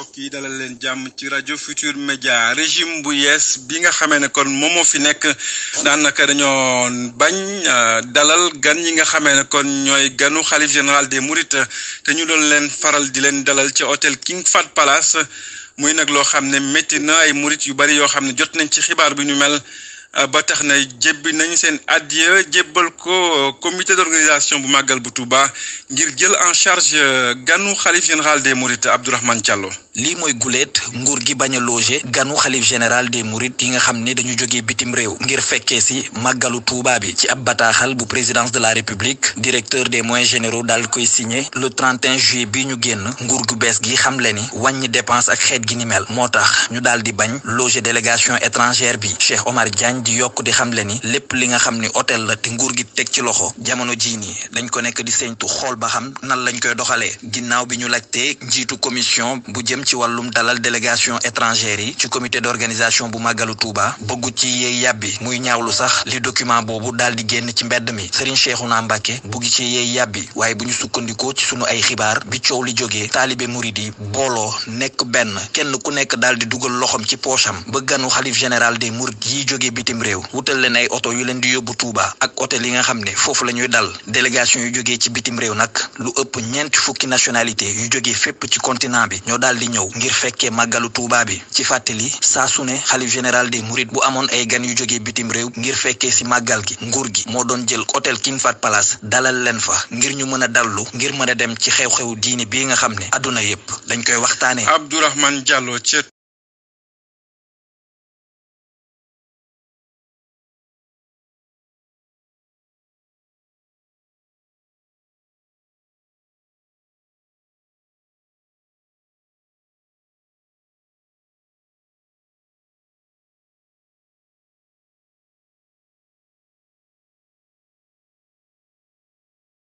mbokk yi dalal leen jàmm ci rajo Futur Média régime bu yees bi nga xamee ne kon moom moo fi nekk daanaka dañoo bañ euh, dalal gan yi nga xamee ne kon ñooy ganu xalif général de Mourides te ñu doon leen faral di leen dalal ci hôtel King Fat Palace muy nag loo xam ne métti na ay murit yu bari yoo xam ne jot nañ ci xibaar bi ñu mel euh, ba tax na jébbi nañu seen addiya jébbal ko euh, comité d'organisation bu màggal bu Touba ngir jël en charge ganu xalif général des Mourides Abdourahmane Diallo li moy goulet nguur gi bañ loger ganu xalif général des mourides yi nga xamné dañu joggé bitim rew ngir féké si màggalu Touba bi ci ab bataaxal bu présidence de la république directeur des moyens généraux dal koy signé le 31 juillet bi ñu génn nguur gu bees gi xam le ni dépenses dépense ak xéet gi ni mel motax ñu daal di bañ loger délégation étrangère bi Cheikh Omar Diagne di yok di xam le ni lépp li nga xamné hôtel la té nguur gi teg ci loxo jamono jii nii dañ ko nek di séentu xol ba xam nan lañ koy doxalé ginnaw bi ñu lacté jitu commission bu jëm ci walum dalal délégation étrangère yi ci comité d'organisation bu màggalu Touba bëggu ci yeey yabi muy ñaawlu sax li document Bobu dal di génn ci mbedd mi Serigne Cheikhouna Mbacké buggi ci yeey yàbbi waye buñu sukkandiko ci suñu ay xibaar bi ciow li joggé talibé murid bolo nek ben kenn ku nek dal di duggal loxam ci poosam ba ganu général des mourides yi joggé bitim réew wutal leen ay auto yu leen di yobbu Touba ak hôtel yi nga xamné fofu lañuy dal délégation yu joggé ci bitim réew nak lu ëpp ñent fukki nationalité yu joggé fépp ci continent bi ñoo ñëw ngir fekkee màggalu Tuuba bi ci fàttali saa su ne xalif général des Mourides bu amoon ay gan yu jógee bitim réew ngir fekkee si màggal gi nguur gi moo doon jël hôtel King Fahd Palace dalal leen fa ngir ñu mën a dallu ngir mën a dem ci xew-xew diini bii nga xam ne àdduna yépp dañ koy waxtaanee. Abdourahmane Diallo